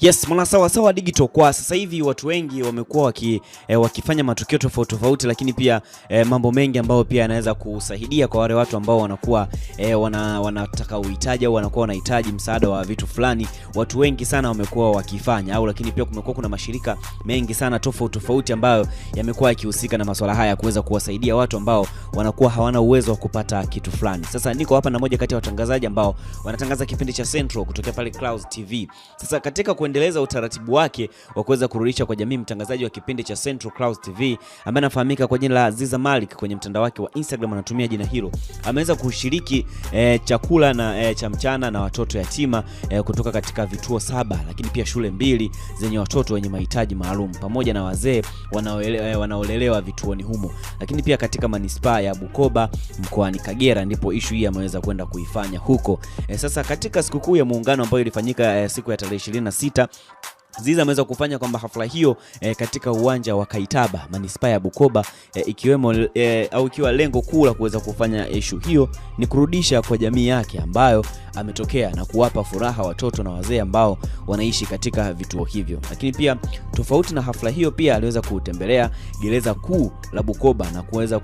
Yes, mwana sawa sawa digital. Kwa sasa hivi watu wengi wamekuwa waki, e, wakifanya matukio tofauti tofauti, lakini pia e, mambo mengi ambayo pia yanaweza kusaidia kwa wale watu ambao wanakuwa e, wana, wanataka uhitaji au wanakuwa wanahitaji msaada wa vitu fulani. Watu wengi sana wamekuwa wakifanya au, lakini pia kumekuwa kuna mashirika mengi sana tofauti tofauti ambayo yamekuwa yakihusika na masuala haya ya kuweza kuwasaidia watu ambao wanakuwa hawana uwezo wa kupata kitu fulani. Sasa niko hapa na moja kati ya watangazaji ambao wanatangaza kipindi cha Central kutokea pale Clouds TV. Sasa katika kuendeleza utaratibu wake wa kuweza kurudisha kwa jamii mtangazaji wa kipindi cha Central Clouds TV ambaye anafahamika kwa jina la Aziza Malik kwenye mtandao wake wa Instagram anatumia jina hilo, ameweza kushiriki e, chakula na e, cha mchana na watoto yatima e, kutoka katika vituo saba, lakini pia shule mbili zenye watoto wenye mahitaji maalum pamoja na wazee wanaolelewa vituoni humo, lakini pia katika manispaa ya Bukoba mkoani Kagera ndipo ishu hii ameweza kwenda kuifanya huko. E, sasa katika sikukuu ya Muungano ambayo ilifanyika e, siku ya tarehe 26 Twitter Ziza ameweza kufanya kwamba hafla hiyo e, katika uwanja wa Kaitaba manispaa ya Bukoba e, ikiwemo e, au ikiwa lengo kuu la kuweza kufanya ishu hiyo ni kurudisha kwa jamii yake ambayo ametokea na kuwapa furaha watoto na wazee ambao wanaishi katika vituo hivyo. Lakini pia tofauti na hafla hiyo, pia aliweza kutembelea gereza kuu la Bukoba na kuweza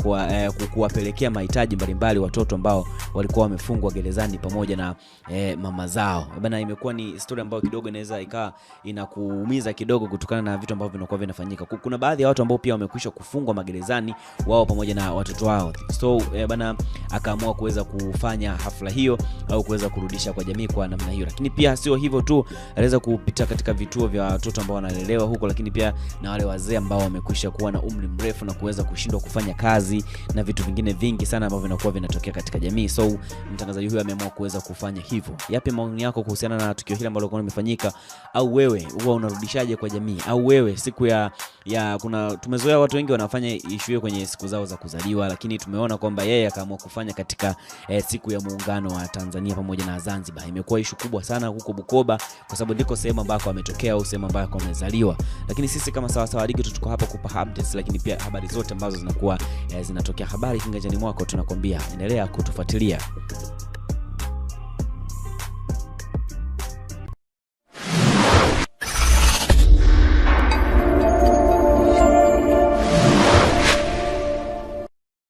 kuwapelekea e, mahitaji mbalimbali watoto ambao walikuwa wamefungwa gerezani pamoja na e, mama zao bana. Imekuwa ni story ambayo kidogo inaweza ikawa inaku kuumiza kidogo kutokana na vitu ambavyo vinakuwa vinafanyika. Kuna baadhi ya watu ambao pia wamekwisha kufungwa magerezani wao pamoja na watoto wao, so eh, bana akaamua kuweza kufanya hafla hiyo au kuweza kurudisha kwa jamii kwa namna hiyo. Lakini pia sio hivyo tu, aliweza kupita katika vituo vya watoto ambao wanalelewa huko, lakini pia na wale wazee ambao wamekwisha kuwa na umri mrefu na kuweza kushindwa kufanya kazi na vitu vingine vingi sana ambavyo vinakuwa vinatokea katika jamii. So mtangazaji huyu ameamua kuweza kufanya hivyo. Yapi maoni yako kuhusiana na tukio hili ambalo limefanyika, au wewe huwa unarudishaje kwa jamii? Au wewe siku ya, ya kuna tumezoea watu wengi wanafanya issue kwenye siku zao za kuzaliwa, lakini tumeona kwamba yeye akaamua kufanya katika eh, siku ya muungano wa Tanzania pamoja na Zanzibar. Imekuwa ishu kubwa sana huko Bukoba kwa sababu ndiko sehemu ambako ametokea au sehemu ambako amezaliwa. Lakini sisi kama sawa sawa ligi tutuko hapa kupa updates, lakini pia habari zote ambazo zinakuwa eh, zinatokea habari kinganjani mwako, tunakwambia endelea kutufuatilia.